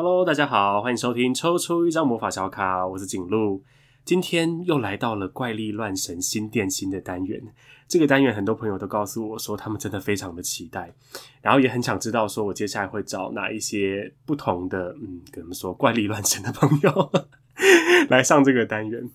Hello，大家好，歡迎收聽抽出一張魔法小卡，我是景祿，今天又來到了怪力亂神心電心的單元。這個單元，很多朋友都告訴我說，他們真的非常的期待，然後也很想知道，說我接下來會找哪一些不同的，嗯，跟我們說怪力亂神的朋友 來上這個單元。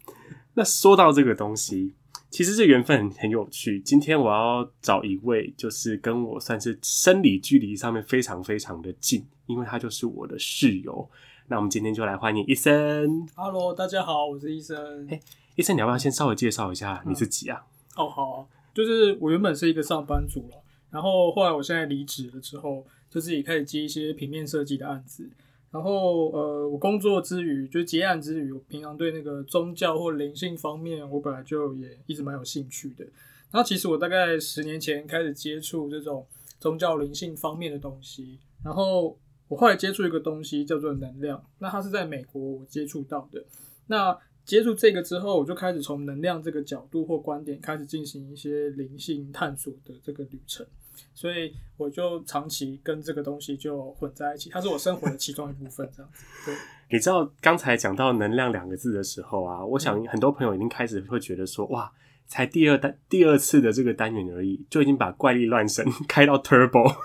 那說到這個東西，其實這緣分很有趣。今天我要找一位，就是跟我算是生理距離上面非常非常的近。因為他就是我的室友，那我們今天就來歡迎一森。Hello，大家好，我是一森。哎，一森，你要不要先稍微介紹一下你自己啊？哦、嗯，oh, 好、啊，就是我原本是一個上班族了，然後後來我現在離職了之後，就自己開始接一些平面設計的案子。然後，呃，我工作之餘，就結案之餘，我平常對那個宗教或靈性方面，我本來就也一直蠻有興趣的。那其實我大概十年前開始接觸這種宗教靈性方面的東西，然後。我後來接觸一個東西叫做能量，那它是在美國我接觸到的。那接觸這個之後，我就開始從能量這個角度或觀點開始進行一些靈性探索的這個旅程。所以我就長期跟這個東西就混在一起，它是我生活的其中一部分。這樣子。對。你知道剛才講到“能量”兩個字的時候啊，我想很多朋友已經開始會覺得說：“嗯、哇，才第二單第二次的這個單元而已，就已經把怪力亂神開到 Turbo。”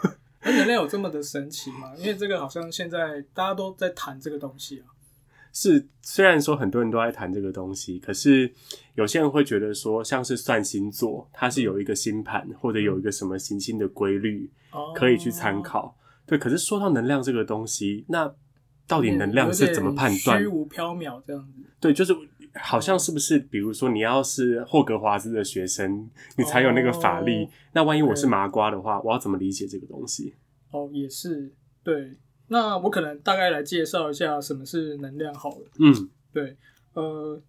能量有這麼的神奇嗎？因為這個好像現在大家都在談這個東西啊。是，雖然說很多人都在談這個東西，可是有些人會覺得說，像是算星座，它是有一個星盤、嗯、或者有一個什麼行星的規律可以去參考。嗯、對，可是說到能量這個東西，那到底能量是怎麼判斷？嗯、虛無縹緲這樣子。對，就是。好像是不是？比如說，你要是霍格華茲的學生，你才有那個法力。哦、那萬一我是麻瓜的話，對我要怎麼理解這個東西？哦，也是對。那我可能大概來介紹一下什麼是能量好了。嗯，對。呃，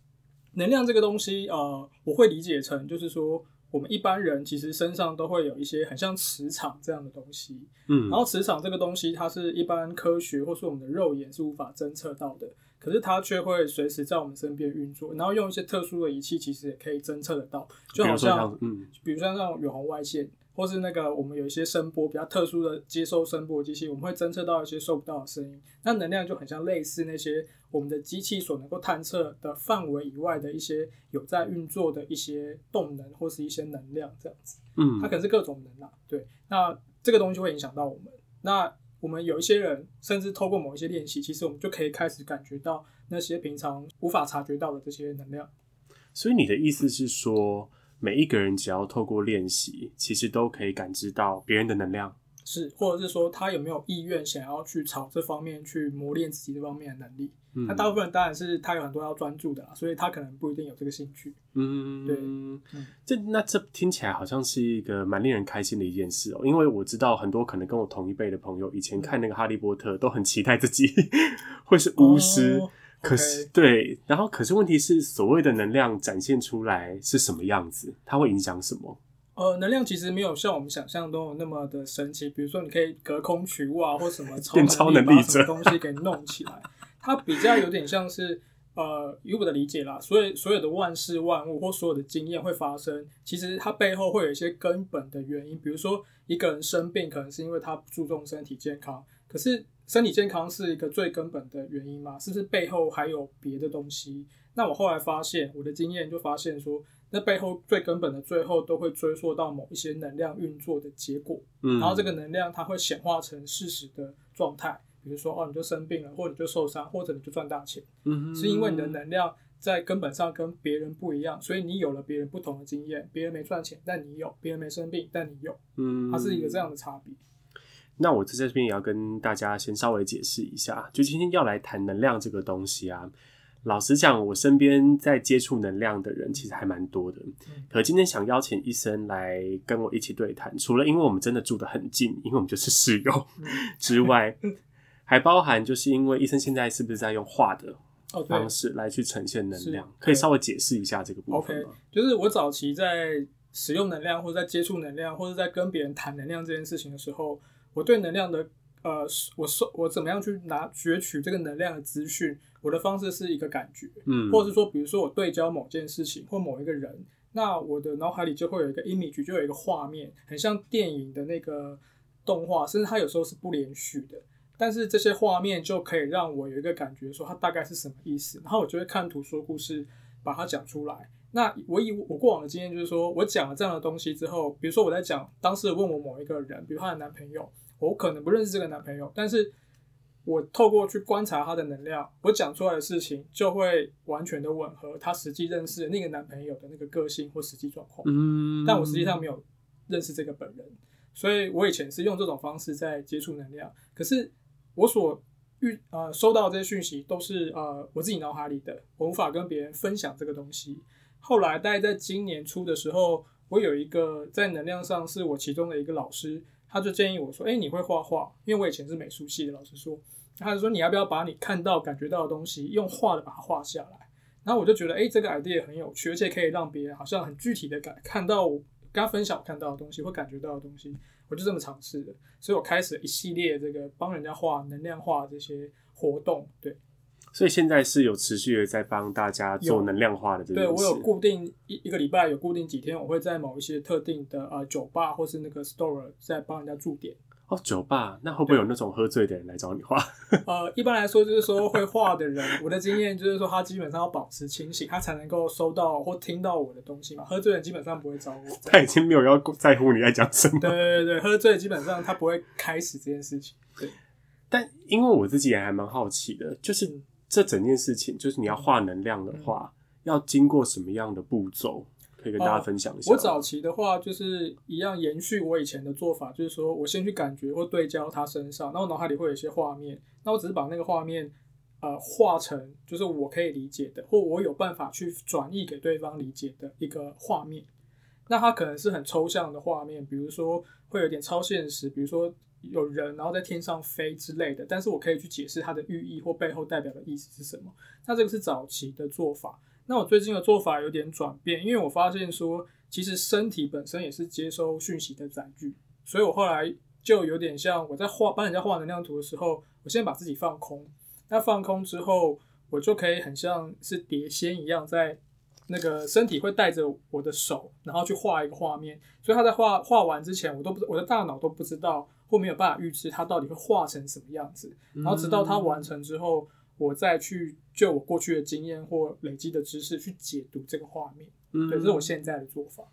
能量這個東西，呃，我會理解成就是說，我們一般人其實身上都會有一些很像磁場這樣的東西。嗯，然後磁場這個東西，它是一般科學或是我們的肉眼是無法偵測到的。可是它卻會隨時在我們身邊運作，然後用一些特殊的儀器，其實也可以偵測得到。就好像，嗯，比如說那種遠紅外線，或是那個我們有一些聲波比較特殊的接收聲波的機器，我們會偵測到一些收不到的聲音。那能量就很像類似那些我們的機器所能夠探測的範圍以外的一些有在運作的一些動能或是一些能量這樣子。嗯，它可能是各種能量。對，那這個東西會影響到我們。那我們有一些人，甚至透過某一些練習，其實我們就可以開始感覺到那些平常無法察覺到的這些能量。所以你的意思是說，每一個人只要透過練習，其實都可以感知到別人的能量。是，或者是說，他有沒有意願想要去朝這方面去磨練自己這方面的能力？嗯、那大部分人當然是他有很多要專注的啦，所以他可能不一定有這個興趣。嗯，對。這、嗯、那這聽起來好像是一個蠻令人開心的一件事哦、喔，因為我知道很多可能跟我同一輩的朋友以前看那個《哈利波特》都很期待自己 會是巫師，哦、可是 okay 對，然後可是問題是，所謂的能量展現出來是什麼樣子？它會影響什麼？呃，能量其實沒有像我們想象中那麼的神奇，比如說你可以隔空取物啊，或什麼變超能力這東西給弄起來。 它比較有點像是，呃，以我的理解啦，所以所有的萬事萬物或所有的經驗會發生，其實它背後會有一些根本的原因。比如說一個人生病，可能是因為他不注重身體健康，可是身體健康是一個最根本的原因嘛，是不是背後還有別的東西？那我後來發現，我的經驗就發現說，那背後最根本的，最後都會追溯到某一些能量運作的結果，嗯，然後這個能量它會顯化成事實的狀態。比如說哦，你就生病了，或者你就受傷，或者你就賺大錢，嗯，是因為你的能量在根本上跟別人不一樣，所以你有了別人不同的經驗，別人沒賺錢，但你有；別人沒生病，但你有。嗯，它是一個這樣的差別。那我在這邊也要跟大家先稍微解釋一下，就今天要來談能量這個東西啊。老實講，我身邊在接觸能量的人其實還蠻多的，嗯、可今天想邀請一森來跟我一起對談，除了因為我們真的住得很近，因為我們就是室友、嗯、之外。 還包含，就是因為一森現在是不是在用畫的方式來去呈現能量？Oh, 對可以稍微解釋一下這個部分嗎？OK，就是我早期在使用能量，或者在接觸能量，或者在跟別人談能量這件事情的時候，我對能量的呃，我我怎麼樣去拿攫取這個能量的資訊，我的方式是一個感覺，嗯，或者是說，比如說我對焦某件事情或某一個人，那我的腦海裡就會有一個 image 就有一個畫面，很像電影的那個動畫，甚至它有時候是不連續的。但是這些畫面就可以讓我有一個感覺，說它大概是什麼意思，然後我就會看圖說故事，把它講出來。那我以我過往的經驗，就是說我講了這樣的東西之後，比如說我在講當事人問我某一個人，比如她的男朋友，我可能不認識這個男朋友，但是我透過去觀察她的能量，我講出來的事情就會完全的吻合她實際認識的那個男朋友的那個個性或實際狀況。嗯，但我實際上沒有認識這個本人，所以我以前是用這種方式在接觸能量，可是。我所遇呃收到的這些訊息都是呃我自己腦海裡的，我無法跟別人分享這個東西。後來大概在今年初的時候，我有一個在能量上是我其中的一個老師，他就建議我說：“誒，你會畫畫？因為我以前是美術系的老師說，他就說你要不要把你看到、感覺到的東西用畫的把它畫下來？然後我就覺得，誒，這個 idea 很有趣，而且可以讓別人好像很具體的感看到我跟他分享我看到的東西或感覺到的東西。”我就這麼嘗試的，所以我開始了一系列這個幫人家畫能量畫這些活動。對，所以現在是有持續的在幫大家做能量畫的這些。對，我有固定一一個禮拜，有固定幾天，我會在某一些特定的呃酒吧或是那個 store 在幫人家駐點。哦，酒吧那會不會有那種喝醉的人來找你畫？對 呃，一般來說就是說會畫的人， 我的經驗就是說他基本上要保持清醒，他才能夠收到或聽到我的東西嘛。喝醉人基本上不會找我。他已經沒有要在乎你在講什麼。對對對，喝醉基本上他不會開始這件事情。對。 但因為我自己也還蠻好奇的，就是這整件事情，就是你要畫能量的話，嗯，要經過什麼樣的步驟？可以跟大家分享一下。哦，我早期的話就是一樣延續我以前的做法，就是說我先去感覺或對焦他身上，那我腦海裡會有一些畫面，那我只是把那個畫面呃畫成就是我可以理解的，或我有辦法去轉譯給對方理解的一個畫面。那它可能是很抽象的畫面，比如說會有點超現實，比如說有人然後在天上飛之類的，但是我可以去解釋它的寓意或背後代表的意思是什麼。那這個是早期的做法。那我最近的做法有點轉變，因為我發現說，其實身體本身也是接收訊息的載具，所以我後來就有點像我在畫幫人家畫能量圖的時候，我先把自己放空，那放空之後，我就可以很像是碟仙一樣，在那個身體會帶着我的手，然後去畫一個畫面，所以他在畫畫完之前，我都不，我的大腦都不知道或沒有辦法預知他到底會畫成什麼樣子，嗯、然後直到他完成之後。我再去就我過去的經驗或累積的知識去解讀這個畫面，嗯、對，這是我現在的做法。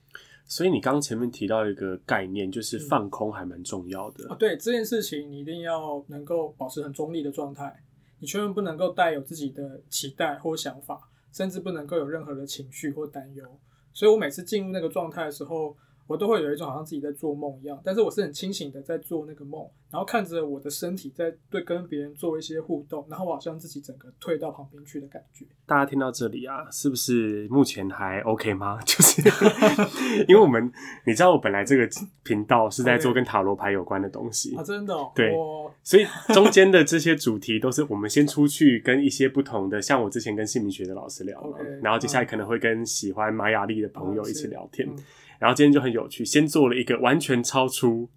所以你剛前面提到一個概念，就是放空還蠻重要的啊、嗯哦。對這件事情，你一定要能夠保持很中立的狀態，你千萬不能夠帶有自己的期待或想法，甚至不能夠有任何的情緒或擔憂。所以我每次進入那個狀態的時候，我都會有一種好像自己在做夢一樣，但是我是很清醒的在做那個夢，然後看着我的身體在對跟別人做一些互動，然後我好像自己整個退到旁邊去的感覺。大家聽到這裡啊，是不是目前還 OK 嗎？就是因為我們 你知道，我本來這個頻道是在做跟塔羅牌有關的東西，Okay。啊，真的哦？對。所以中間的這些主題都是我們先出去跟一些不同的，像我之前跟姓名學的老師聊了，okay, 然後接下來可能會跟喜歡瑪雅曆的朋友一起聊天，啊嗯、然後今天就很有趣，先做了一個完全超出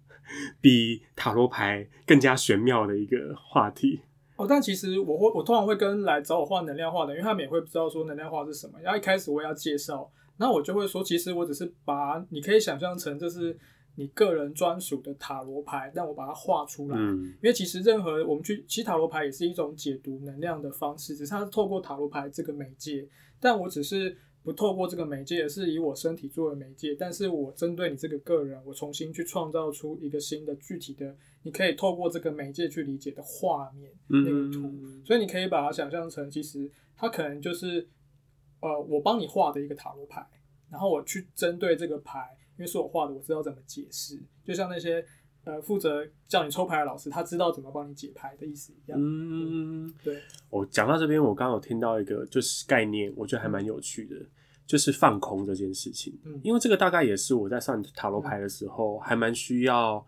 比塔羅牌更加玄妙的一個話題。哦，但其實我會我通常會跟來找我畫能量畫的，因為他們也會不知道說能量畫是什麼，然後一開始我也要介紹，那我就會說，其實我只是把你可以想象成就是。你個人專屬的塔羅牌，但我把它畫出來。因為其實任何我們去，其實塔羅牌也是一種解讀能量的方式，只是它是透過塔羅牌這個媒介。但我只是不透過這個媒介，而是以我身體作為媒介。但是我針對你這個個人，我重新去創造出一個新的具體的，你可以透過這個媒介去理解的畫面那個圖。嗯、所以你可以把它想象成，其實它可能就是呃，我幫你畫的一個塔羅牌，然後我去針對這個牌。因為是我畫的，我知道怎麼解釋。就像那些呃負責叫你抽牌的老師，他知道怎麼幫你解牌的意思一樣。嗯，對。我講到這邊，我剛剛有聽到一個就是概念，我覺得還蠻有趣的，嗯、就是放空這件事情。嗯，因為這個大概也是我在上塔羅牌的時候，嗯、還蠻需要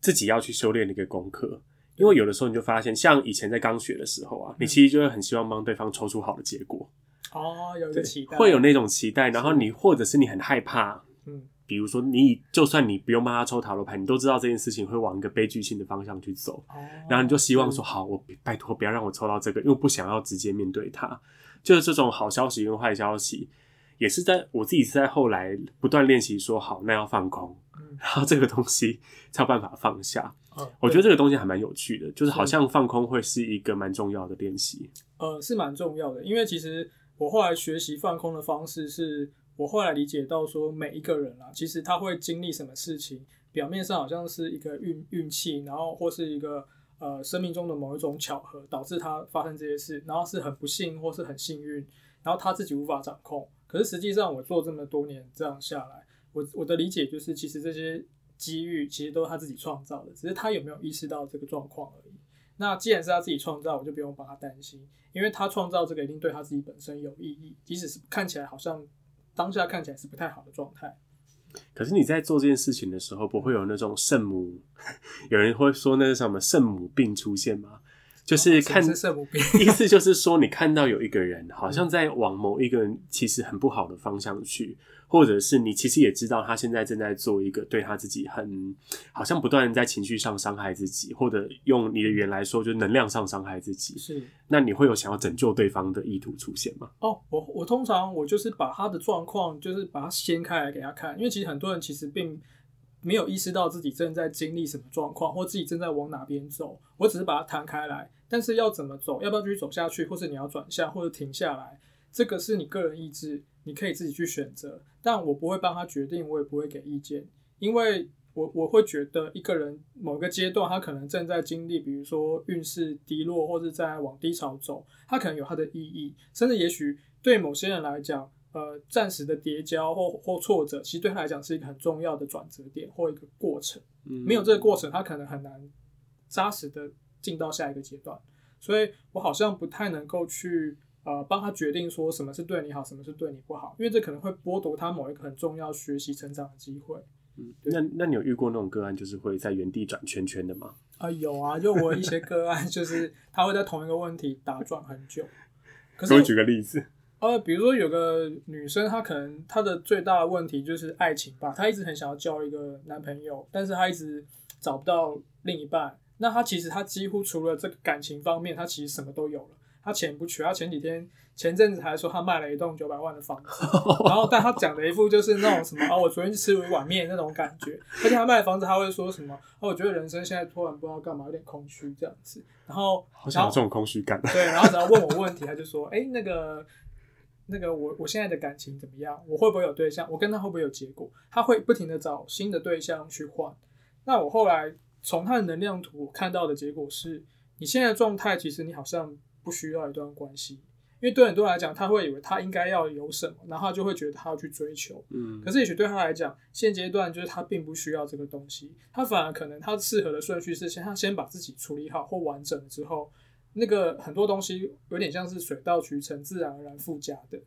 自己要去修煉的一個功課。嗯、因為有的時候你就發現，像以前在剛學的時候啊，嗯、你其實就會很希望幫對方抽出好的結果。哦，有期待，會有那種期待，然後你是或者是你很害怕，嗯。比如說，你就算你不用幫他抽塔羅牌，你都知道這件事情會往一個悲劇性的方向去走，哦、然後你就希望說，好，對我拜托不要讓我抽到這個，因為我不想要直接面對他。就是這種好消息跟壞消息，也是在我自己是在後來不斷練習說，好，那要放空，嗯、然後這個東西才有辦法放下。哦、我覺得這個東西還蠻有趣的，對就是好像放空會是一個蠻重要的練習。呃，是蠻重要的，因為其實我後來學習放空的方式是。我後來理解到，說每一個人啦、啊，其實他會經歷什麼事情，表面上好像是一個運運氣，然後或是一個呃生命中的某一種巧合，導致他發生這些事，然後是很不幸或是很幸運，然後他自己無法掌控。可是實際上，我做這麼多年這樣下來，我我的理解就是，其實這些機遇其實都是他自己創造的，只是他有沒有意識到這個狀況而已。那既然是他自己創造，我就不用幫他擔心，因為他創造這個一定對他自己本身有意義，即使是看起來好像。當下看起來是不太好的狀態，可是你在做這件事情的時候，不會有那種聖母，有人會說那是什麼聖母病出現嗎？就是看聖、哦、母病， 意思就是說你看到有一個人，好像在往某一個人其實很不好的方向去。或者是你其實也知道他現在正在做一個對他自己很好像不斷在情緒上傷害自己，或者用你的語言來說就是能量上傷害自己。是，那你會有想要拯救對方的意圖出現嗎？哦、oh，我我通常我就是把他的狀況就是把它掀開來給他看，因為其實很多人其實並沒有意識到自己正在經歷什麼狀況，或自己正在往哪邊走。我只是把它彈開來，但是要怎麼走，要不要繼續走下去，或是你要轉向，或者停下來，這個是你個人意志。你可以自己去選擇，但我不會幫他決定，我也不會給意見，因為我我會覺得一個人某個階段他可能正在經歷，比如說運勢低落或是在往低潮走，他可能有他的意義，甚至也許對某些人來講，呃，暫時的跌跤或或挫折，其實對他來講是一個很重要的轉折點或一個過程，嗯，沒有這個過程，他可能很難扎實的進到下一個階段，所以我好像不太能夠去。呃，幫他決定說什麼是對你好，什麼是對你不好，因為這可能會剝奪他某一個很重要學習成長的機會。嗯，那那你有遇過那種個案，就是會在原地轉圈圈的嗎？啊、呃，有啊，就我一些個案，就是他會在同一個問題打轉很久。 可是給我舉個例子。呃，比如說有個女生，她可能她的最大的問題就是愛情吧，她一直很想要交一個男朋友，但是她一直找不到另一半。那她其實她幾乎除了這個感情方面，她其實什麼都有了。他錢不缺，他前幾天、前陣子還說他賣了一棟九百萬的房子， 然後但他講的一副就是那種什麼啊、哦，我昨天吃了一碗面那種感覺。而且他賣的房子，他會說什麼？哦，我覺得人生現在突然不知道幹嘛，有點空虛這樣子。然後，好像有這種空虛感。對，然後只要問我問題， 他就說：“哎，那個，那個我，我我現在的感情怎麼樣？我會不會有對象？我跟他會不會有結果？”他會不停的找新的對象去換。那我後來從他的能量圖我看到的結果是，你現在的狀態其實你好像。不需要一段關係，因為對很多人來講，他會以為他應該要有什麼，然後就會覺得他要去追求。嗯，可是也許對他來講，現階段就是他並不需要這個東西，他反而可能他適合的順序是先他先把自己處理好或完整了之後，那個很多東西有點像是水到渠成、自然而然附加的，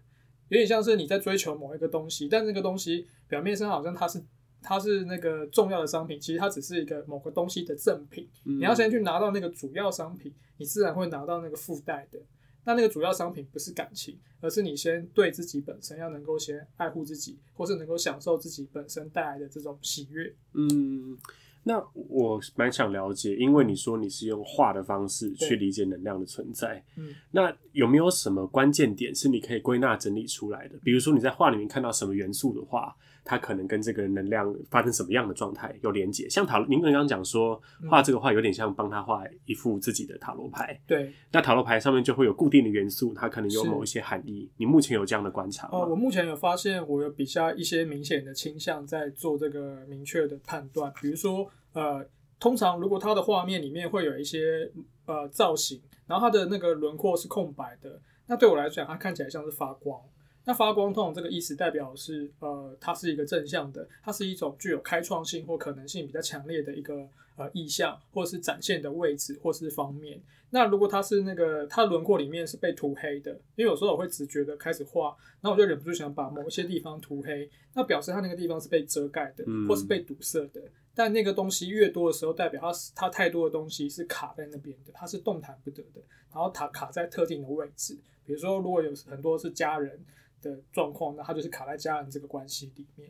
有點像是你在追求某一個東西，但那個東西表面上好像它是。它是那個重要的商品，其實它只是一個某個東西的贈品。嗯、你要先去拿到那個主要商品，你自然會拿到那個附帶的。那那個主要商品不是感情，而是你先對自己本身要能夠先愛護自己，或是能夠享受自己本身帶來的這種喜悅。嗯，那我蠻想了解，因為你說你是用畫的方式去理解能量的存在。嗯對，那有沒有什麼關鍵點是你可以歸納整理出來的？嗯、比如說你在畫裡面看到什麼元素的話？他可能跟這個能量發生什麼樣的狀態有連接？像塔羅，您剛剛講說，畫這個畫有點像幫他畫一幅自己的塔羅牌。嗯，對。那塔羅牌上面就會有固定的元素，它可能有某一些含義。是你目前有這樣的觀察嗎？呃，我目前有發現，我有比較一些明顯的傾向在做這個明確的判斷。比如說，呃，通常如果他的畫面裡面會有一些呃造型，然後他的那個輪廓是空白的，那對我來講，它看起來像是發光。那發光痛這個意思代表的是，呃，它是一個正向的，它是一種具有開創性或可能性比較強烈的一個呃意向，或是展現的位置，或是方面。那如果它是那個它輪廓裡面是被塗黑的，因為有時候我會直覺的開始畫，那我就忍不住想把某些地方塗黑，那表示它那個地方是被遮蓋的，或是被堵塞的。嗯，但那個東西越多的時候，代表它是它太多的東西是卡在那邊的，它是動彈不得的，然後它卡在特定的位置。比如說，如果有很多是家人。的狀況，那它就是卡在家人這個關係裡面。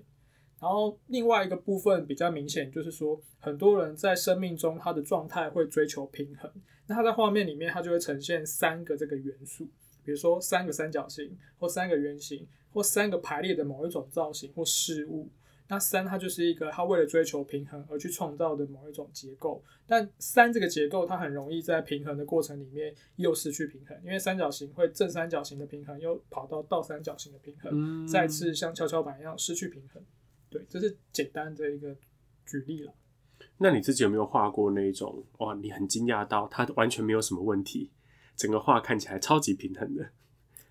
然後另外一個部分比較明顯，就是說很多人在生命中他的狀態會追求平衡。那他在畫面裡面，他就會呈現三個這個元素，比如說三個三角形，或三個圓形，或三個排列的某一種造型或事物。那三它就是一個，它為了追求平衡而去創造的某一種結構。但三這個結構，它很容易在平衡的過程裡面又失去平衡，因為三角形會正三角形的平衡又跑到倒三角形的平衡，嗯、再次像蹺蹺板一樣失去平衡。對，這是簡單的一個舉例了。那你自己有沒有畫過那種，哇，你很驚訝到它完全沒有什麼問題，整個畫看起來超級平衡的？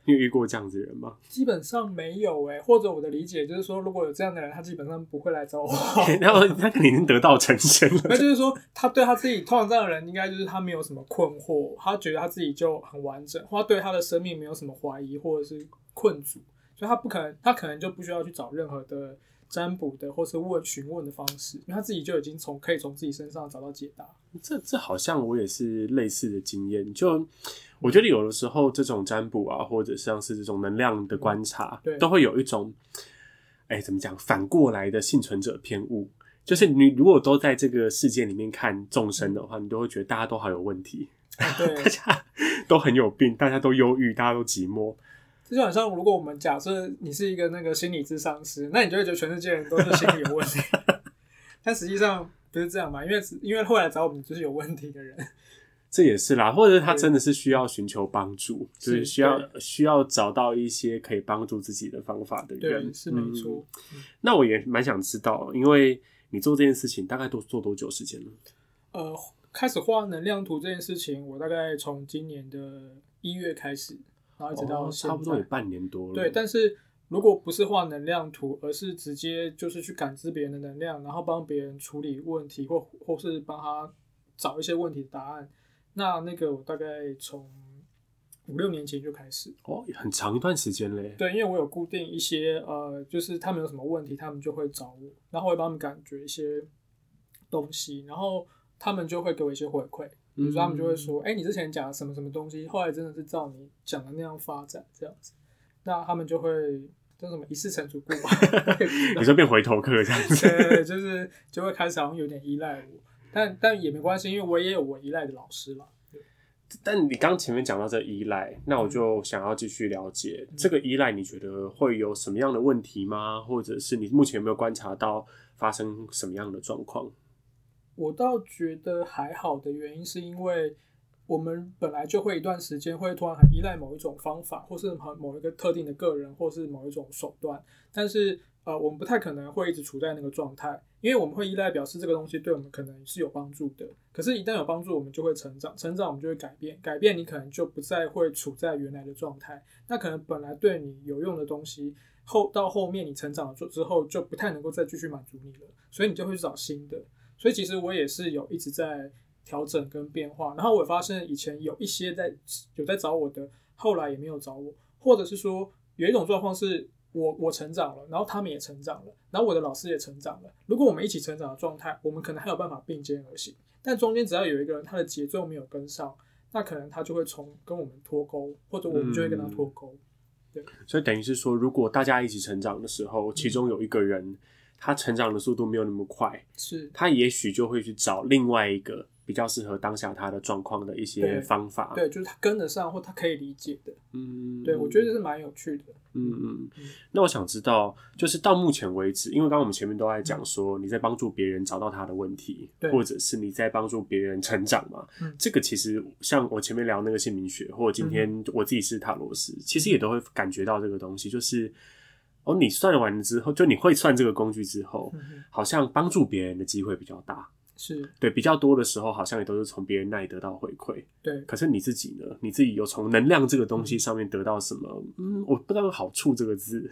你有遇過這樣子的人嗎？基本上沒有哎、欸，或者我的理解就是說，如果有這樣的人，他基本上不會來找我。Okay, 那他肯定得道成仙了。 那就是說，他對他自己通常這樣的人，應該就是他沒有什麼困惑， 他覺得他自己就很完整，或他對他的生命沒有什麼懷疑或者是困住。所以他不可能，他可能就不需要去找任何的占卜的或是問詢問的方式，因為他自己就已經從可以從自己身上找到解答。這這好像我也是類似的經驗，就。我覺得有的時候這種占卜啊，或者像是這種能量的觀察，嗯、都會有一種，哎，怎麼講？反過來的幸存者偏誤，就是你如果都在這個世界裡面看眾生的話，你都會覺得大家都好有問題，啊、對 大家都很有病，大家都憂鬱，大家都寂寞。就好像如果我們假設你是一個那個心理諮商師，那你就會覺得全世界人都是心理有問題。 但實際上不是這樣嘛？因為因為後來找我們就是有問題的人。這也是啦，或者是他真的是需要尋求幫助，對就是需要對需要找到一些可以幫助自己的方法的人，對，是沒錯。嗯嗯、那我也蠻想知道，因為你做這件事情大概都做多久時間了？呃，開始畫能量圖這件事情，我大概從今年的一月開始，然後一直到、哦、差不多有半年多了。對，但是如果不是畫能量圖，而是直接就是去感知別人的能量，然後幫別人處理問題，或或是幫他找一些問題的答案。那那個我大概從五六年前就開始哦，也很長一段時間嘞。對，因為我有固定一些呃，就是他們有什麼問題，他們就會找我，然後我幫他們感覺一些東西，然後他們就會給我一些回饋。嗯。比如說他們就會說：“哎、欸，你之前講的什麼什麼東西，後來真的是照你講的那樣發展這樣子。”那他們就會叫什麼“一次成熟顧”嘛 後。你說變回頭客這樣子。對，就是就會開始好像有點依賴我。但但也沒關係，因為我也有我依賴的老師了。但你剛前面講到這依賴，嗯、那我就想要繼續了解、嗯、這個依賴，你覺得會有什麼樣的問題嗎？或者是你目前有沒有觀察到發生什麼樣的狀況？我倒覺得還好的原因是因為我們本來就會一段時間會突然很依賴某一種方法，或是某某一個特定的個人，或是某一種手段，但是，呃，我們不太可能會一直處在那個狀態，因為我們會依賴，表示這個東西對我們可能是有幫助的。可是，一旦有幫助，我們就會成長，成長我們就會改變，改變你可能就不再會處在原來的狀態。那可能本來對你有用的東西後，後到後面你成長了之後，就不太能夠再繼續滿足你了，所以你就會去找新的。所以其實我也是有一直在調整跟變化。然後我發現以前有一些在有在找我的，後來也沒有找我，或者是說有一種狀況是。我我成長了，然後他們也成長了，然後我的老師也成長了。如果我們一起成長的狀態，我們可能還有辦法並肩而行。但中間只要有一個人他的節奏沒有跟上，那可能他就會從跟我們脫鈎，或者我們就會跟他脫鈎。嗯、對，所以等於是說，如果大家一起成長的時候，其中有一個人、嗯、他成長的速度沒有那麼快，是他也許就會去找另外一個。比較適合當下他的狀況的一些方法。對，對，就是他跟得上或他可以理解的，嗯，對，我覺得這是蠻有趣的，嗯嗯，那我想知道，就是到目前為止，因為剛剛我們前面都在講說你在幫助別人找到他的問題，對，或者是你在幫助別人成長嘛，嗯對，這個其實像我前面聊那個姓名學，或者今天我自己是塔羅師，嗯、哼其實也都會感覺到這個東西，就是、嗯、哼哦，你算完之後，就你會算這個工具之後，嗯、哼好像幫助別人的機會比較大。是對，比較多的時候，好像也都是從別人那裡得到回饋。對，可是你自己呢？你自己有從能量這個東西上面得到什麼？嗯，我不知道“好處”這個字。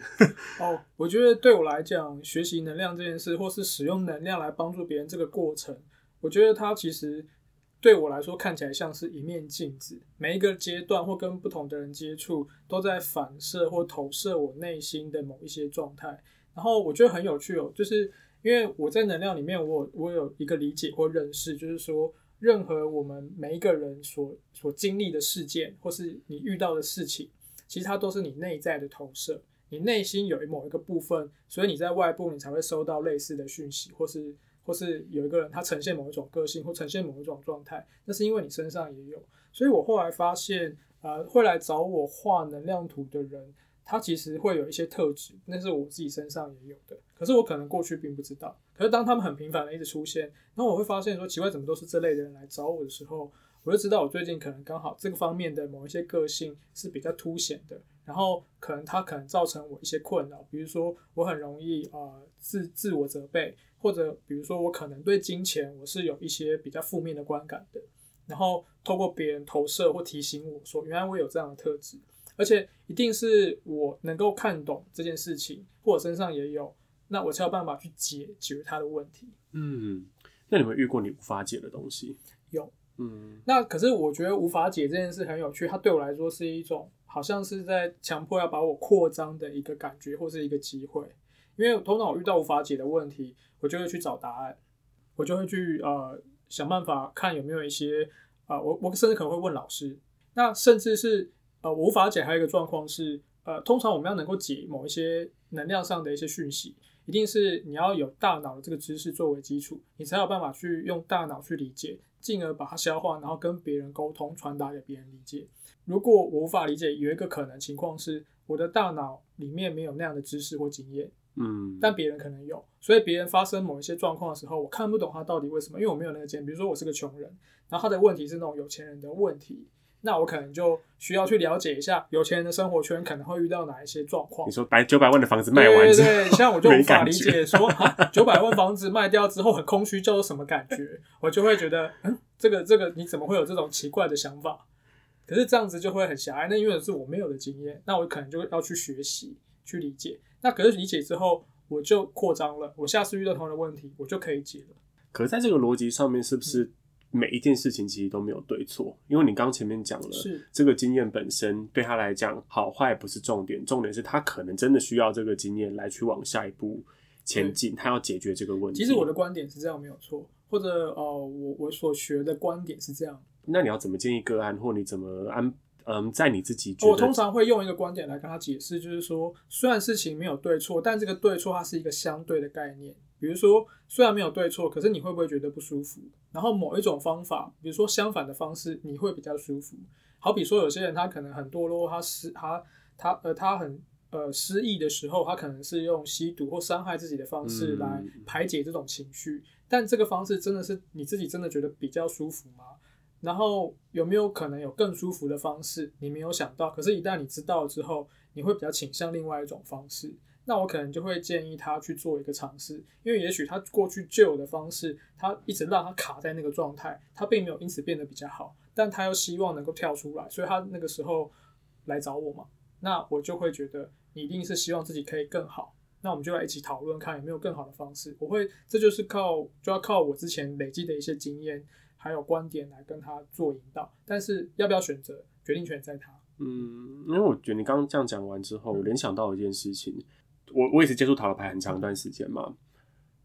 哦 ，oh, 我覺得對我來講，學習能量這件事，或是使用能量來幫助別人這個過程，我覺得它其實對我來說看起來像是一面鏡子。每一個階段或跟不同的人接觸，都在反射或投射我內心的某一些狀態。然後我覺得很有趣哦，就是。因為我在能量裡面我有，我我有一個理解或認識，就是說，任何我們每一個人所所經歷的事件，或是你遇到的事情，其實它都是你內在的投射。你內心有某一個部分，所以你在外部你才會收到類似的訊息，或是或是有一個人他呈現某一種個性或呈現某一種狀態，那是因為你身上也有。所以我後來發現，啊、呃，會來找我畫能量圖的人。他其實會有一些特質，那是我自己身上也有的，可是我可能過去並不知道。可是當他們很頻繁的一直出現，然後我會發現說奇怪怎麼都是這類的人來找我的時候，我就知道我最近可能剛好這個方面的某一些個性是比較凸顯的，然後可能他可能造成我一些困擾，比如說我很容易啊、呃、自自我責備，或者比如說我可能對金錢我是有一些比較負面的觀感的，然後透過別人投射或提醒我說原來我有這樣的特質。而且一定是我能夠看懂這件事情，或我身上也有，那我才有辦法去解決他的問題。嗯，那你有沒有遇過你無法解的東西？有，嗯。那可是我覺得無法解這件事很有趣，它對我來說是一種好像是在強迫要把我擴張的一個感覺，或是一個機會。因為頭腦遇到無法解的問題，我就會去找答案，我就會去呃想辦法看有沒有一些啊、呃，我我甚至可能會問老師，那甚至是。呃，我無法解還有一個狀況是，呃，通常我們要能夠解某一些能量上的一些訊息，一定是你要有大腦的這個知識作為基礎，你才有辦法去用大腦去理解，進而把它消化，然後跟別人溝通，傳達給別人理解。如果我無法理解，有一個可能情況是，我的大腦裡面沒有那樣的知識或經驗，嗯，但別人可能有，所以別人發生某一些狀況的時候，我看不懂他到底為什麼，因為我沒有那個經驗。比如說我是個窮人，然後他的問題是那種有錢人的問題。那我可能就需要去了解一下有錢人的生活圈可能會遇到哪一些狀況。你說把九百萬的房子賣完之後？對對對，像我就無法理解說，說九百萬房子賣掉之後很空虛，叫做什麼感覺？ 我就會覺得，嗯，這個這個你怎麼會有這種奇怪的想法？可是這樣子就會很狹隘。那因為是我沒有的經驗，那我可能就要去學習去理解。那可是理解之後，我就擴張了。我下次遇到同樣的問題，我就可以解了。可是在這個邏輯上面，是不是、嗯？每一件事情其實都沒有對錯，因為你剛前面講了，是這個經驗本身對他來講好壞不是重點，重點是他可能真的需要這個經驗來去往下一步前進，對他要解決這個問題。其實我的觀點是這樣，沒有錯，或者哦、呃，我我所學的觀點是這樣。那你要怎麼建議個案，或你怎麼安？嗯、呃，在你自己覺得，我通常會用一個觀點來跟他解釋，就是說，雖然事情沒有對錯，但這個對錯它是一個相對的概念。比如說，雖然沒有對錯，可是你會不會覺得不舒服？然後某一種方法，比如說相反的方式，你會比較舒服。好比說，有些人他可能很墮落，他失他他呃他很呃失意的時候，他可能是用吸毒或傷害自己的方式來排解這種情緒。嗯、但這個方式真的是你自己真的覺得比較舒服嗎？然後有沒有可能有更舒服的方式？你沒有想到，可是，一旦你知道之後，你會比較傾向另外一種方式。那我可能就會建議他去做一個嘗試，因為也許他過去舊有的方式，他一直讓他卡在那個狀態，他並沒有因此變得比較好，但他又希望能夠跳出來，所以他那個時候來找我嘛，那我就會覺得你一定是希望自己可以更好，那我們就來一起討論看有沒有更好的方式。我會這就是靠就要靠我之前累積的一些經驗還有觀點來跟他做引導，但是要不要選擇決定權在他。嗯，因為我覺得你剛剛這樣講完之後，我聯、嗯、想到一件事情。我我也是接觸塔羅牌很長一段時間嘛，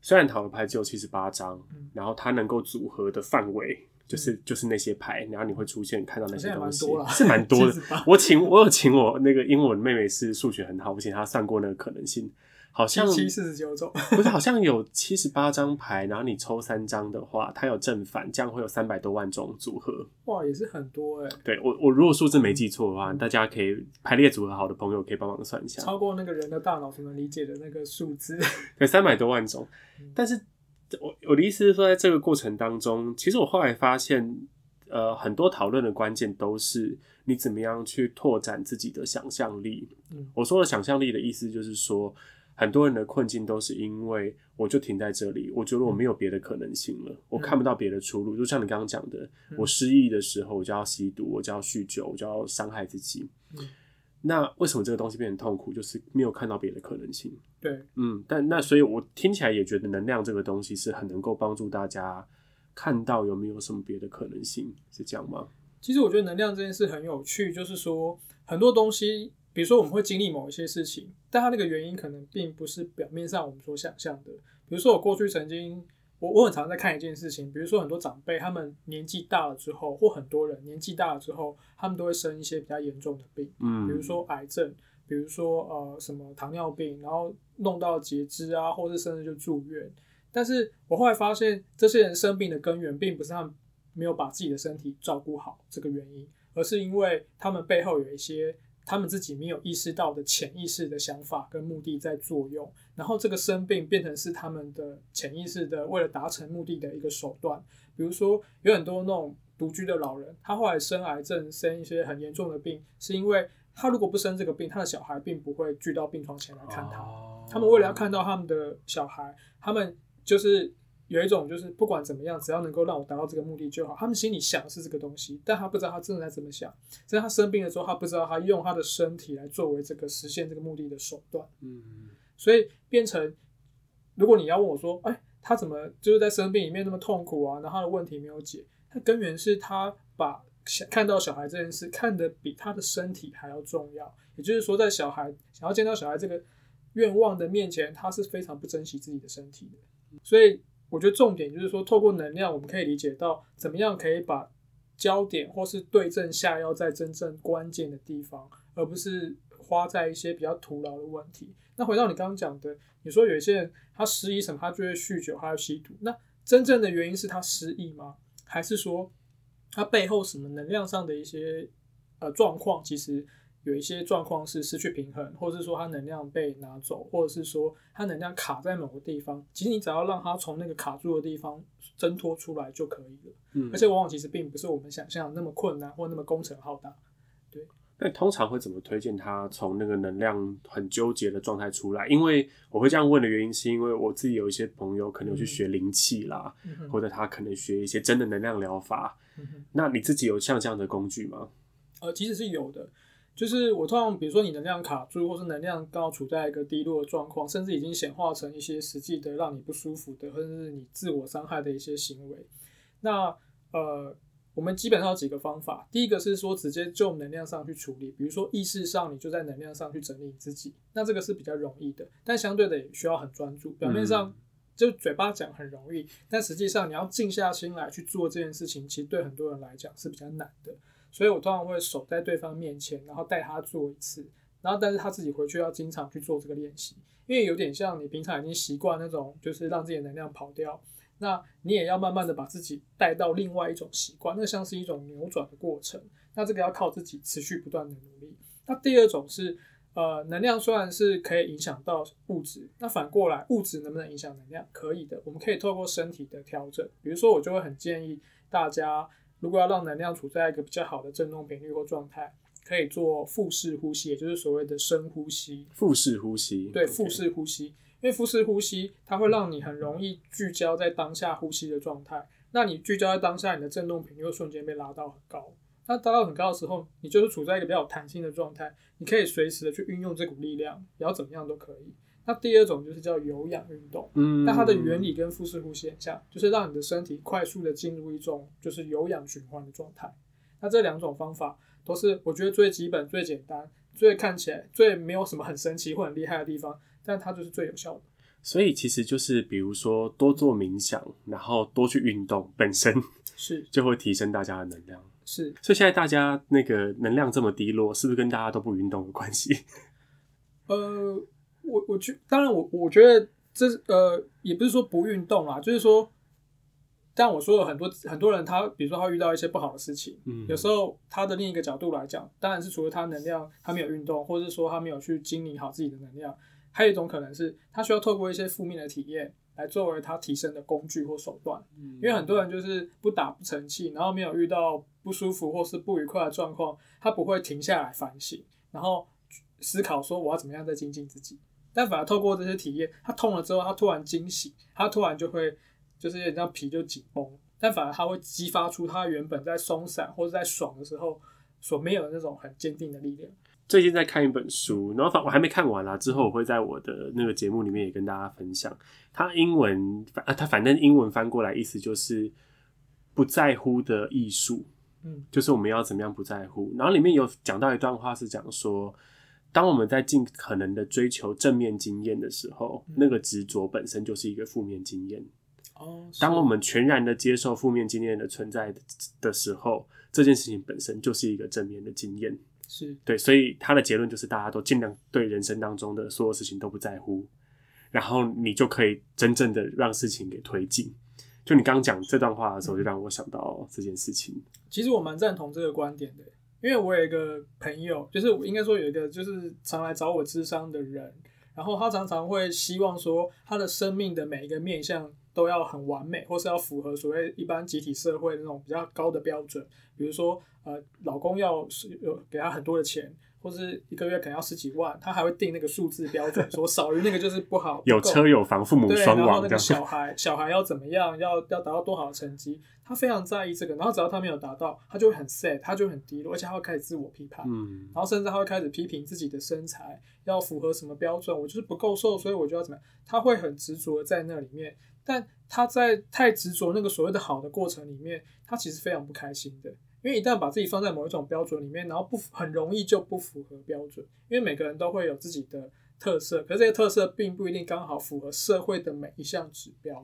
雖然塔羅牌只有七十八張，嗯、然後它能夠組合的範圍就是、嗯、就是那些牌，然後你會出現看到那些東西蠻是蠻多的。 七十八笑我請我有請我那個英文妹妹是數學很好，我請她算過那個可能性。好像七四十九種， 不是好像有七十八張牌，然後你抽三張的話，它有正反，這樣會有三百多萬種組合。哇，也是很多哎、欸。對，我我如果數字沒記錯的話，嗯、大家可以排列組合好的朋友可以幫忙算一下。超過那個人的大腦所能理解的那個數字。 對，三百多萬種。嗯、但是，我我的意思是說，在這個過程當中，其實我後來發現，呃，很多討論的關鍵都是你怎麼樣去拓展自己的想象力。嗯、我說的想象力的意思就是說。很多人的困境都是因為我就停在這裡，我覺得我沒有別的可能性了，嗯、我看不到別的出路。就像你剛剛講的，嗯、我失意的時候我就要吸毒，我就要酗酒，我就要傷害自己。嗯、那為什麼這個東西變得痛苦，就是沒有看到別的可能性？對，嗯，但那所以，我聽起來也覺得能量這個東西是很能夠幫助大家看到有沒有什麼別的可能性，是這樣嗎？其實我覺得能量這件事很有趣，就是說很多東西。比如說，我們會經歷某一些事情，但它那個原因可能並不是表面上我們所想象的。比如說，我過去曾經，我我很常在看一件事情，比如說很多長輩他們年紀大了之後，或很多人年紀大了之後，他們都會生一些比較嚴重的病，嗯，比如說癌症，比如說呃什麼糖尿病，然後弄到截肢啊，或者甚至就住院。但是我後來發現，這些人生病的根源並不是他們沒有把自己的身體照顧好這個原因，而是因為他們背後有一些。他們自己沒有意識到的潛意識的想法跟目的在作用，然後這個生病變成是他們的潛意識的為了達成目的的一個手段。比如說，有很多那種獨居的老人，他後來生癌症、生一些很嚴重的病，是因為他如果不生這個病，他的小孩並不會聚到病床前來看他。他們為了要看到他們的小孩，他們就是。有一種就是不管怎麼樣，只要能夠讓我達到這個目的就好。他們心裡想的是這個東西，但他不知道他真的在怎麼想。在他生病的時候，他不知道他用他的身體來作為這個實現這個目的的手段。嗯，所以變成，如果你要問我說，哎、欸，他怎麼就是在生病裡面那麼痛苦啊？然後他的問題沒有解，他根源是他把想看到小孩這件事看得比他的身體還要重要。也就是說，在小孩想要見到小孩這個願望的面前，他是非常不珍惜自己的身體的。所以。我覺得重點就是說，透過能量，我們可以理解到怎麼樣可以把焦點或是對症下藥在真正關鍵的地方，而不是花在一些比較徒勞的問題。那回到你剛剛講的，你說有一些人他失憶，什麼他就會酗酒，他要吸毒。那真正的原因是他失憶嗎？還是說他背後什麼能量上的一些呃狀況？其實。有一些狀況是失去平衡，或者是說它能量被拿走，或者是說它能量卡在某個地方。其實你只要讓它從那個卡住的地方掙脫出來就可以了。嗯，而且往往其實並不是我們想象那麼困難或那麼工程浩大。對。那通常會怎麼推薦他從那個能量很糾結的狀態出來？因為我會這樣問的原因，是因為我自己有一些朋友可能有去學靈氣啦，嗯、或者他可能學一些真的能量療法。嗯嗯、那你自己有像這樣的工具嗎？呃，其實是有的。就是我通常，比如說你能量卡住，或是能量剛好處在一個低落的狀況，甚至已經顯化成一些實際的讓你不舒服的，或者是你自我傷害的一些行為。那呃，我們基本上有幾個方法，第一個是說直接就能量上去處理，比如說意識上你就在能量上去整理你自己，那這個是比較容易的，但相對的也需要很專注。表面上就嘴巴講很容易，但實際上你要靜下心來去做這件事情，其實對很多人來講是比較難的。所以，我通常會守在對方面前，然後帶他做一次，然後但是他自己回去要經常去做這個練習，因為有點像你平常已經習慣那種，就是讓自己的能量跑掉，那你也要慢慢的把自己帶到另外一種習慣，那像是一種扭轉的過程，那這個要靠自己持續不斷的努力。那第二種是，呃，能量雖然是可以影響到物質，那反過來物質能不能影響能量？可以的，我們可以透過身體的調整，比如說我就會很建議大家。如果要讓能量處在一個比較好的振動頻率或狀態，可以做腹式呼吸，也就是所謂的深呼吸。腹式呼吸，對，Okay. 腹式呼吸，因為腹式呼吸它會讓你很容易聚焦在當下呼吸的狀態。嗯、那你聚焦在當下，你的振動頻率會瞬間被拉到很高。那拉到很高的時候，你就是處在一個比較有彈性的狀態，你可以隨時的去運用這股力量，你要怎麼樣都可以。那第二種就是叫有氧運動，嗯，那它的原理跟腹式呼吸很像，就是讓你的身體快速的進入一種就是有氧循環的狀態。那這兩種方法都是我覺得最基本、最簡單、最看起來最沒有什麼很神奇或很厲害的地方，但它就是最有效的。所以其實就是比如說多做冥想，然後多去運動，本身是就會提升大家的能量。是，所以現在大家那個能量這麼低落，是不是跟大家都不運動有關係？呃。我我覺當然我我覺得這呃也不是說不運動啊，就是說，但我說了很多，很多人他比如說他遇到一些不好的事情，嗯，有時候他的另一個角度來講，當然是除了他能量他沒有運動，或者說他沒有去經營好自己的能量，還有一種可能是他需要透過一些負面的體驗來作為他提升的工具或手段，嗯，因為很多人就是不打不成器，然後沒有遇到不舒服或是不愉快的狀況，他不會停下來反省，然後思考說我要怎麼樣再精進自己。但反而透過這些體驗，他痛了之後，他突然驚喜，他突然就會，就是有點像皮就緊繃。但反而他會激發出他原本在鬆散或者在爽的時候所沒有的那種很堅定的力量。最近在看一本書，然後反我還沒看完啊，之後我會在我的那個節目裡面也跟大家分享。他英文反啊，他反正英文翻過來意思就是不在乎的藝術。嗯，就是我們要怎麼樣不在乎。然後裡面有講到一段話是講說。當我們在盡可能的追求正面經驗的時候，嗯、那個執着本身就是一個負面經驗。哦、當我們全然的接受負面經驗的存在的時候，這件事情本身就是一個正面的經驗。是對，所以他的結論就是大家都盡量對人生當中的所有事情都不在乎，然後你就可以真正的讓事情給推進。就你剛講這段話的時候，就讓我想到這件事情。嗯、其實我蠻贊同這個觀點的。因為我有一個朋友，就是我應該說有一個就是常來找我諮商的人，然後他常常會希望說他的生命的每一個面向都要很完美，或是要符合所謂一般集體社會那種比較高的標準，比如說呃，老公要是有給他很多的錢。或是一個月可能要十幾萬，他還會定那個數字標準，說少於那個就是不好。 有車有房，父母雙亡， 那個小孩， 小孩要怎麼樣，要要達到多好的成績，他非常在意這個。然後只要他沒有達到，他就會很 sad，他就很低落，而且他會開始自我批判，嗯， 然後甚至他會開始批評自己的身材要符合什麼標準，我就是不夠瘦，所以我就要怎麼樣？他會很執着在那裡面，但他在太執着那個所謂的好的過程裡面，他其實非常不開心的。因為一旦把自己放在某一種標準裡面，然後不很容易就不符合標準。因為每個人都會有自己的特色，可是這些特色並不一定剛好符合社會的每一項指標，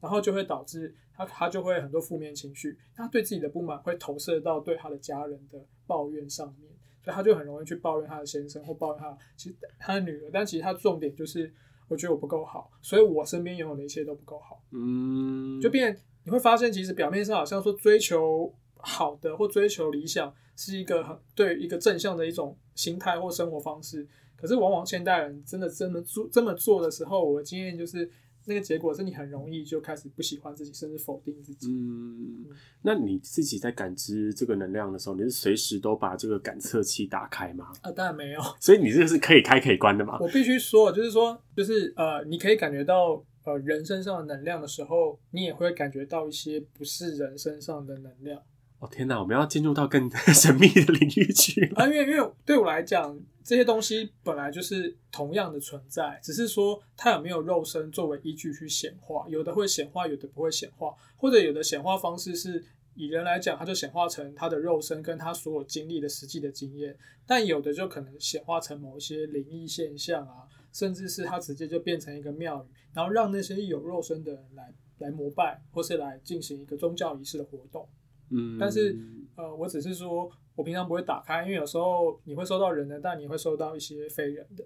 然後就會導致他他就會很多負面情緒。他對自己的不滿會投射到對他的家人的抱怨上面，所以他就很容易去抱怨他的先生，或抱怨他其實他的女兒。但其實他的重點就是，我覺得我不夠好，所以我身邊擁有的一切都不夠好。嗯，就變你會發現，其實表面上好像說追求。好的或追求理想是一個很對一個正向的一種心態或生活方式，可是往往現代人真的這麼做，這麼做的時候，我的經驗就是那個結果是你很容易就開始不喜歡自己，甚至否定自己。嗯，那你自己在感知這個能量的時候，你是隨時都把這個感測器打開嗎？啊、呃，當然沒有。所以你這個是可以開可以關的嗎？我必須說，就是說，就是呃，你可以感覺到呃人身上的能量的時候，你也會感覺到一些不是人身上的能量。哦天哪！我們要進入到更神秘的領域去啊！因為因為對我來講，這些東西本來就是同樣的存在，只是說它有沒有肉身作為依據去顯化，有的會顯化，有的不會顯化，或者有的顯化方式是以人來講，它就顯化成它的肉身跟它所有經歷的實際的經驗，但有的就可能顯化成某一些靈異現象啊，甚至是它直接就變成一個廟宇，然後讓那些有肉身的人來來膜拜，或是來進行一個宗教儀式的活動。嗯，但是，呃，我只是說，我平常不會打開，因為有時候你會收到人的，但你會收到一些非人的。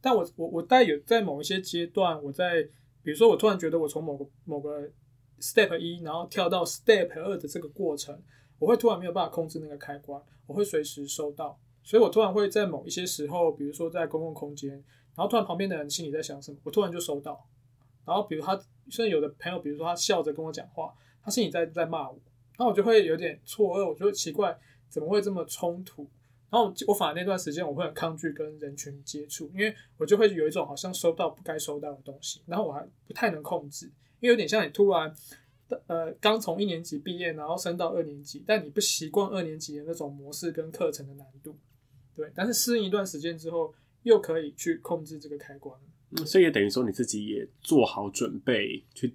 但我我我，帶有在某一些階段，我在，比如說，我突然覺得我從某個某個 step 一，然後跳到 step 二的這個過程，我會突然沒有辦法控制那個開關，我會隨時收到。所以，我突然會在某一些時候，比如說在公共空間，然後突然旁邊的人心裡在想什麼，我突然就收到。然後，比如他，甚至有的朋友，比如說他笑着跟我講話，他心裡在在罵我。然後我就會有點錯愕，我就會奇怪怎麼會這麼衝突。然後我反而那段時間我會很抗拒跟人群接觸，因為我就會有一種好像收到不該收到的東西。然後我還不太能控制，因為有點像你突然呃剛從一年級畢業，然後升到二年級，但你不習慣二年級的那種模式跟課程的難度。對，但是適應一段時間之後，又可以去控制這個開關。嗯，所以也等於說你自己也做好準備去。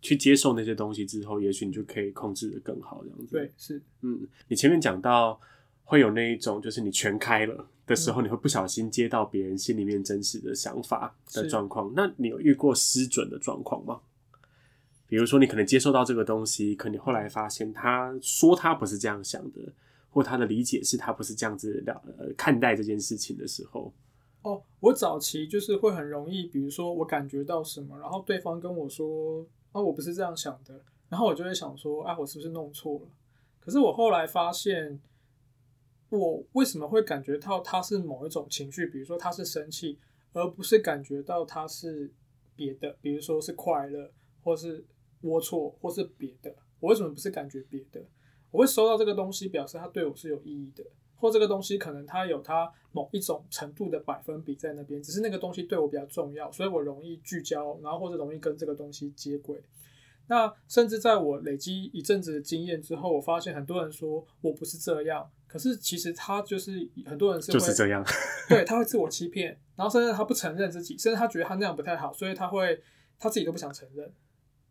去接受那些東西之後，也許你就可以控制得更好，這樣子。對，是，嗯，你前面講到會有那一種，就是你全開了的時候，嗯、你會不小心接到別人心裡面真實的想法的狀況。是那你有遇過失準的狀況嗎？比如說，你可能接受到這個東西，可能你後來發現他說他不是這樣想的，嗯、或他的理解是他不是這樣子了、呃、看待這件事情的時候。哦，我早期就是會很容易，比如說我感覺到什麼，然後對方跟我說。啊、哦，我不是這樣想的，然後我就會想說，啊，我是不是弄錯了？可是我後來發現，我為什麼會感覺到他是某一種情緒，比如說他是生氣，而不是感覺到他是別的，比如說是快樂，或是齷齪，或是別的。我為什麼不是感覺別的？我會收到這個東西，表示它對我是有意義的。或這個東西可能他有他某一種程度的百分比在那邊，只是那個東西對我比較重要，所以我容易聚焦，然後或者容易跟這個東西接軌。那甚至在我累積一陣子的經驗之後，我發現很多人說我不是這樣，可是其實他就是很多人是會就是這樣， 對，他會自我欺騙，然後甚至他不承認自己，甚至他覺得他那樣不太好，所以他會他自己都不想承認。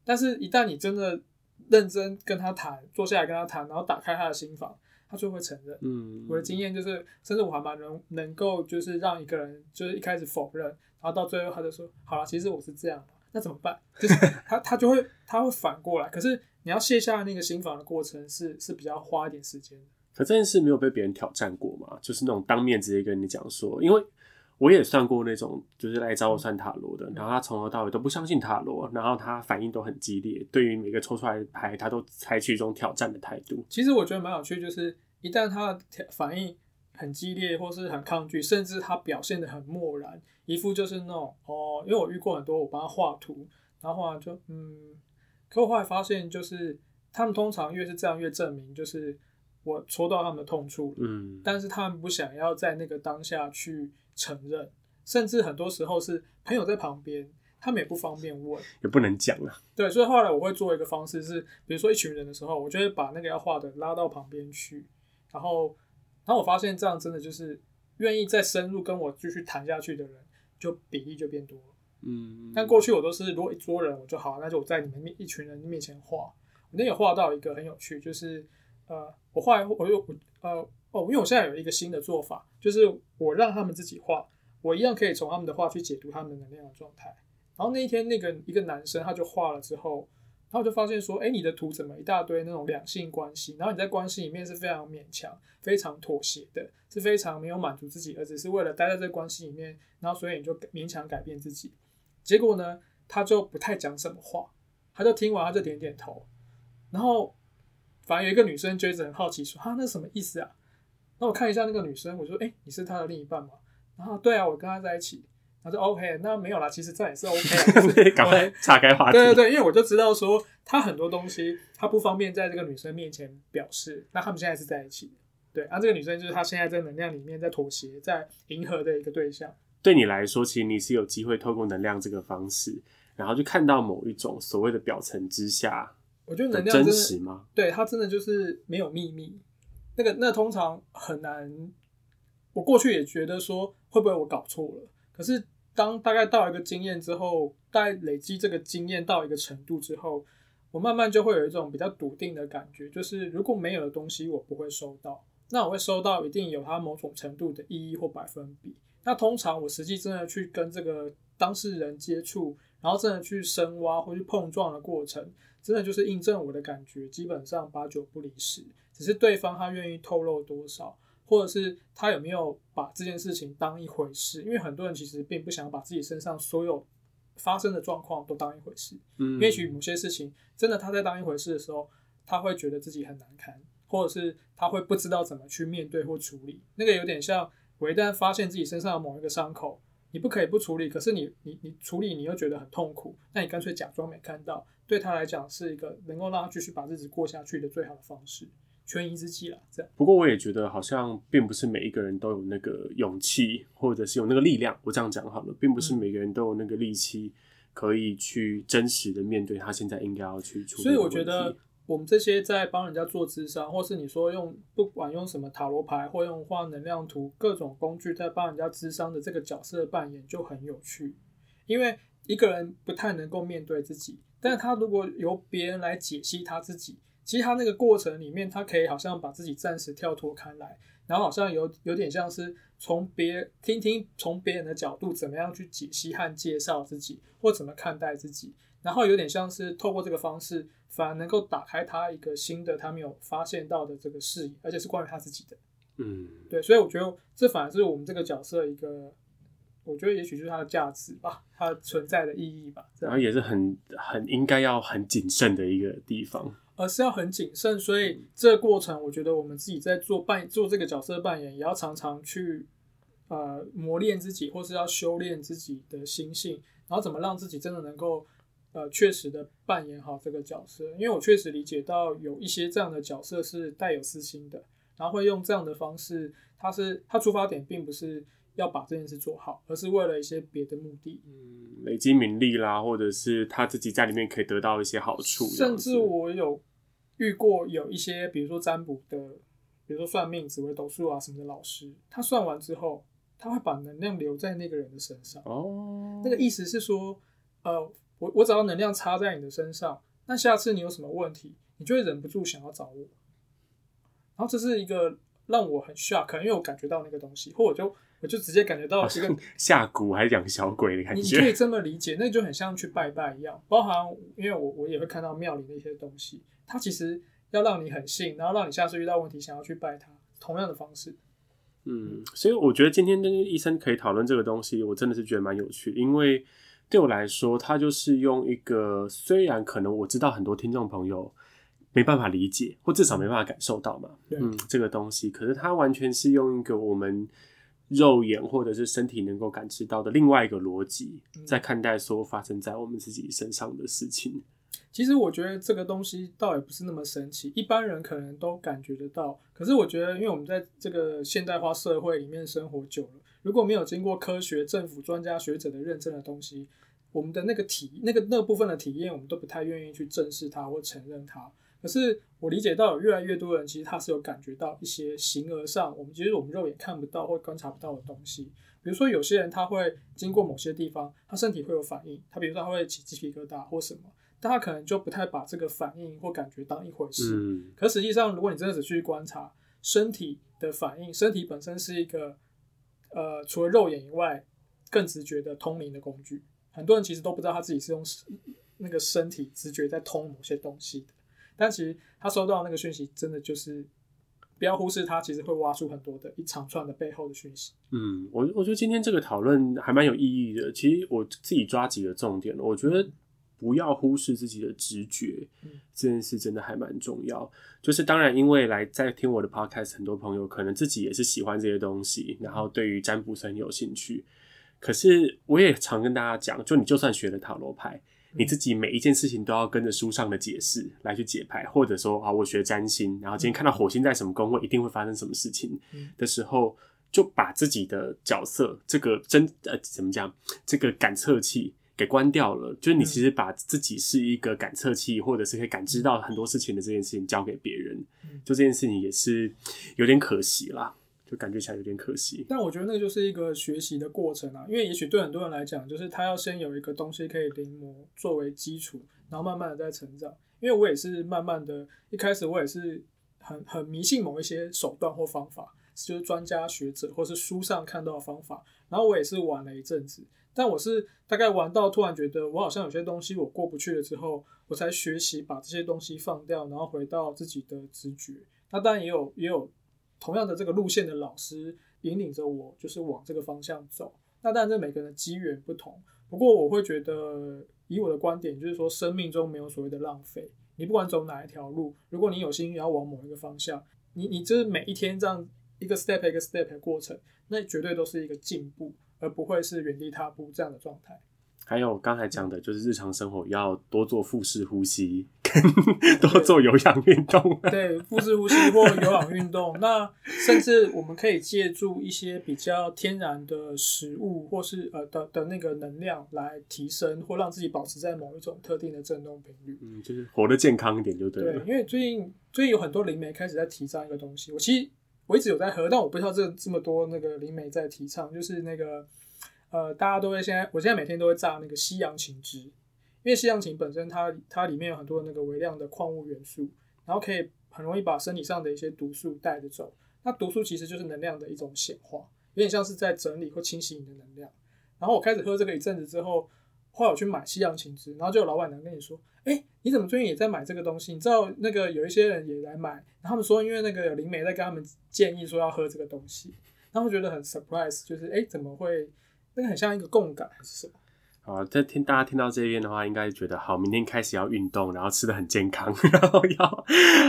但是一旦你真的認真跟他談，坐下來跟他談，然後打開他的心房。他就會承認，嗯，我的經驗就是，甚至我還蠻能能夠，就是讓一個人就是一開始否認，然後到最後他就說，好了，其實我是這樣，那怎麼辦？就是他 他就會他會反過來，可是你要卸下那個心防的過程是是比較花一點時間。可這件事沒有被別人挑戰過嘛？就是那種當面直接跟你講說，因為。我也算過那種，就是來找我算塔羅的，嗯，然後他從頭到尾都不相信塔羅，然後他反應都很激烈，對於每個抽出來的牌，他都採取一種挑戰的態度。其實我覺得蠻有趣，就是一旦他的反應很激烈，或是很抗拒，甚至他表現得很漠然，一副就是那種哦，因為我遇過很多，我幫他畫圖，然後就嗯，可我後來發現，就是他們通常越是這樣，越證明就是我戳到他們的痛處，嗯，但是他們不想要在那個當下去。承認，甚至很多時候是朋友在旁邊，他們也不方便問，也不能講啊。對，所以後來我會做一個方式是，是比如說一群人的時候，我就會把那個要畫的拉到旁邊去，然後，然後我發現這樣真的就是願意再深入跟我繼續談下去的人，就比例就變多了。嗯，但過去我都是如果一桌人我就好，那就我在你們面一群人面前畫，我那有畫到一個很有趣，就是呃，我畫我又我呃。哦，因為我現在有一個新的做法，就是我讓他們自己畫，我一樣可以從他們的畫去解讀他們的能量狀態。然後那一天那個一個男生他就畫了之後，然後就發現說，哎、欸，你的圖怎麼一大堆那種兩性關係？然後你在關係裡面是非常勉強、非常妥協的，是非常沒有滿足自己，而只是為了待在這個關係裡面。然後所以你就勉強改變自己。結果呢，他就不太講什麼話，他就聽完他就點點頭。然後反正有一個女生覺得很好奇說，哈、啊，那什麼意思啊？那我看一下那個女生，我說，哎，你是她的另一半嗎？然後對啊，我跟她在一起。她說 OK，那沒有啦，其實這也是 OK。然對，對，對，趕快岔開話題。對對對，因為我就知道說她很多東西她不方便在這個女生面前表示。那他們現在是在一起，對，啊？這個女生就是她現在在能量裡面在妥協、在迎合的一個對象。對你來說，其實你是有機會透過能量這個方式，然後就看到某一種所謂的表層之下，我覺得能量真實嗎？對，她真的就是沒有秘密。那個，那個通常很難，我過去也覺得說會不會我搞錯了？可是當大概到一個經驗之後，大概累積這個經驗到一個程度之後，我慢慢就會有一種比較篤定的感覺，就是如果沒有的東西我不會收到，那我會收到一定有它某種程度的義或百分比。那通常我實際真的去跟這個當事人接觸，然後真的去深挖或去碰撞的過程，真的就是印證我的感覺，基本上八九不離十。只是對方他願意透露多少，或者是他有沒有把這件事情當一回事？因為很多人其實並不想把自己身上所有發生的狀況都當一回事。嗯，也許某些事情真的他在當一回事的時候，他會覺得自己很難堪，或者是他會不知道怎麼去面對或處理。那個有點像我一旦發現自己身上的某一個傷口，你不可以不處理，可是你你你處理你又覺得很痛苦，那你乾脆假裝沒看到，對他來講是一個能夠讓他繼續把日子過下去的最好的方式。權宜之計了，這樣。不過我也覺得，好像並不是每一個人都有那個勇氣，或者是有那個力量。我這樣講好了，並不是每個人都有那個力氣，可以去真實的面對他現在應該要去處理。所以我覺得，我們這些在幫人家做諮商，或是你說用不管用什麼塔羅牌，或用畫能量圖各種工具，在幫人家諮商的這個角色的扮演，就很有趣。因為一個人不太能夠面對自己，但是他如果由別人來解析他自己。其實他那個過程裡面，他可以好像把自己暫時跳脫開來，然後好像有有點像是從別聽聽從別人的角度怎麼樣去解析和介紹自己，或怎麼看待自己，然後有點像是透過這個方式，反而能夠打開他一個新的他沒有發現到的這個視野，而且是關於他自己的。嗯，對，所以我覺得這反而是我們這個角色一個，我覺得也許就是它的價值吧，它存在的意義吧。然後也是很很應該要很謹慎的一個地方。而是要很謹慎，所以這個過程，我覺得我們自己在做扮做這個角色扮演，也要常常去呃磨練自己，或是要修煉自己的心性，然後怎麼讓自己真的能夠呃確實的扮演好這個角色。因為我確實理解到有一些這樣的角色是帶有私心的，然後會用這樣的方式，他是他出發點並不是要把這件事做好，而是為了一些別的目的，嗯，累積名利啦，或者是他自己在裡面可以得到一些好處，甚至我有。遇過有一些，比如說占卜的，比如說算命、紫微斗數啊什麼的老師，他算完之後，他會把能量留在那個人的身上。哦，oh. 那個意思是說，呃，我我只要能量插在你的身上，那下次你有什麼問題，你就會忍不住想要找我。然後這是一個讓我很 shock，可能因為我感覺到那個東西，或我就我就直接感覺到是個下蠱還是養小鬼的感覺你。你可以這麼理解，那就很像去拜拜一樣，包含因為我我也會看到廟裡那些東西。他其實要讓你很信，然後讓你下次遇到問題想要去拜他，同樣的方式。嗯，所以我覺得今天跟一森可以討論這個東西，我真的是覺得蠻有趣的。因為對我來說，他就是用一個，雖然可能我知道很多聽眾朋友沒辦法理解，或至少沒辦法感受到嘛，嗯，嗯，這個東西，可是他完全是用一個我們肉眼或者是身體能夠感知到的另外一個邏輯，在看待說發生在我們自己身上的事情。其實我覺得這個東西倒也不是那麼神奇，一般人可能都感覺得到。可是我覺得，因為我們在這個現代化社會裡面生活久了，如果沒有經過科學、政府、專家學者的認證的東西，我們的那個體、那個那個部分的體驗，我們都不太願意去正視它或承認它。可是我理解到，有越來越多人其實他是有感覺到一些形而上，我們其實我們肉眼看不到或觀察不到的東西。比如說，有些人他會經過某些地方，他身體會有反應，他比如說他會起雞皮疙瘩或什麼。大家可能就不太把這個反應或感覺當一回事，可實際上，如果你真的只去觀察身體的反應，身體本身是一個呃，除了肉眼以外更直覺的通靈的工具。很多人其實都不知道他自己是用那個身體直覺在通某些東西的，但其實他收到的那個訊息，真的就是不要忽視它，其實會挖出很多的一長串的背後的訊息。嗯，我我覺得今天這個討論還蠻有意義的。其實我自己抓幾個重點，我覺得。不要忽視自己的直覺，這件事真的還蠻重要。就是當然，因為來在聽我的 podcast，很多朋友可能自己也是喜歡這些東西，然後對於占卜是很有興趣。可是我也常跟大家講，就你就算學了塔羅牌，你自己每一件事情都要跟着書上的解釋來去解牌，或者說啊，我學占星，然後今天看到火星在什麼宮位，一定會發生什麼事情的時候，就把自己的角色這個真呃怎麼講，這個感測器。給關掉了，就是你其實把自己是一個感測器，嗯、或者是可以感知到很多事情的這件事情交給別人，嗯、就這件事情也是有點可惜啦，就感覺起來有點可惜。但我覺得那個就是一個學習的過程啊，因為也許對很多人來講，就是他要先有一個東西可以臨摹作為基礎，然後慢慢的再成長。因為我也是慢慢的，一開始我也是很很迷信某一些手段或方法，就是專家學者或是書上看到的方法，然後我也是玩了一陣子。但我是大概玩到突然覺得我好像有些東西我過不去了之後，我才學習把這些東西放掉，然後回到自己的直覺。那當然也有也有同樣的這個路線的老師引領着我，就是往這個方向走。那當然這每個人的機緣不同，不過我會覺得以我的觀點就是說，生命中沒有所謂的浪費。你不管走哪一條路，如果你有心要往某一個方向，你你就是每一天這樣一個 step 一個 step 的過程，那絕對都是一個進步而不會是原地踏步這樣的狀態。還有剛才講的就是，日常生活要多做腹式呼吸，多做有氧運動。對，對，腹式呼吸或有氧運動。 那甚至我們可以借助一些比較天然的食物，或是呃的的那個能量來提升或讓自己保持在某一種特定的振動頻率。嗯，就是活得健康一點就對了。對，因為最近最近有很多靈媒開始在提倡一個東西。我其實。我一直有在喝，但我不知道這這麼多那個靈媒在提倡，就是那個，呃，大家都會現在，我現在每天都會榨那個西洋芹汁，因為西洋芹本身它它裡面有很多那個微量的礦物元素，然後可以很容易把身體上的一些毒素帶着走。那毒素其實就是能量的一種顯化，有點像是在整理或清洗你的能量。然後我開始喝這個一陣子之後。或我去買西洋青汁，然後就有老闆娘跟你說：“哎、欸，你怎麼最近也在買這個東西？你知道那個有一些人也來買，他們說因為那個靈媒在跟他們建議說要喝這個東西，他們覺得很 surprise，就是哎、欸，怎麼會？那個很像一個共感還是什麼？”好，在聽大家聽到這邊的話，應該覺得好，明天開始要運動，然後吃得很健康，然後要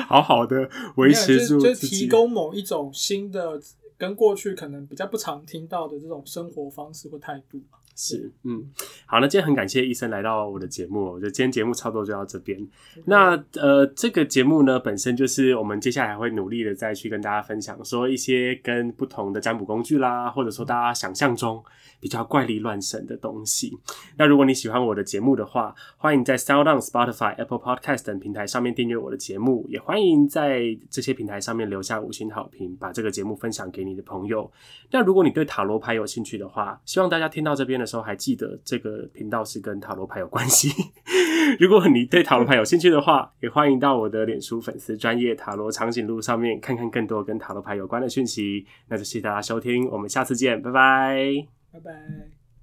好好的維持住。就是就是、提供某一種新的、跟過去可能比較不常聽到的這種生活方式或態度。是，嗯，好，那今天很感謝一森來到我的節目，我覺得今天節目差不多就到這邊。那呃，這個節目呢，本身就是我們接下來還會努力的再去跟大家分享，說一些跟不同的占卜工具啦，或者說大家想象中比較怪力亂神的東西。那如果你喜歡我的節目的話，歡迎在 Sound on Spotify、Apple Podcast 等平台上面訂閱我的節目，也歡迎在這些平台上面留下五星好評，把這個節目分享給你的朋友。那如果你對塔羅牌有興趣的話，希望大家聽到這邊的時候還記得這個頻道是跟塔羅牌有關係。 如果你對塔羅牌有興趣的話，也歡迎到我的臉書粉絲專業塔羅長頸鹿上面看看更多跟塔羅牌有關的訊息。那就謝謝大家收聽，我們下次見，拜拜，拜拜。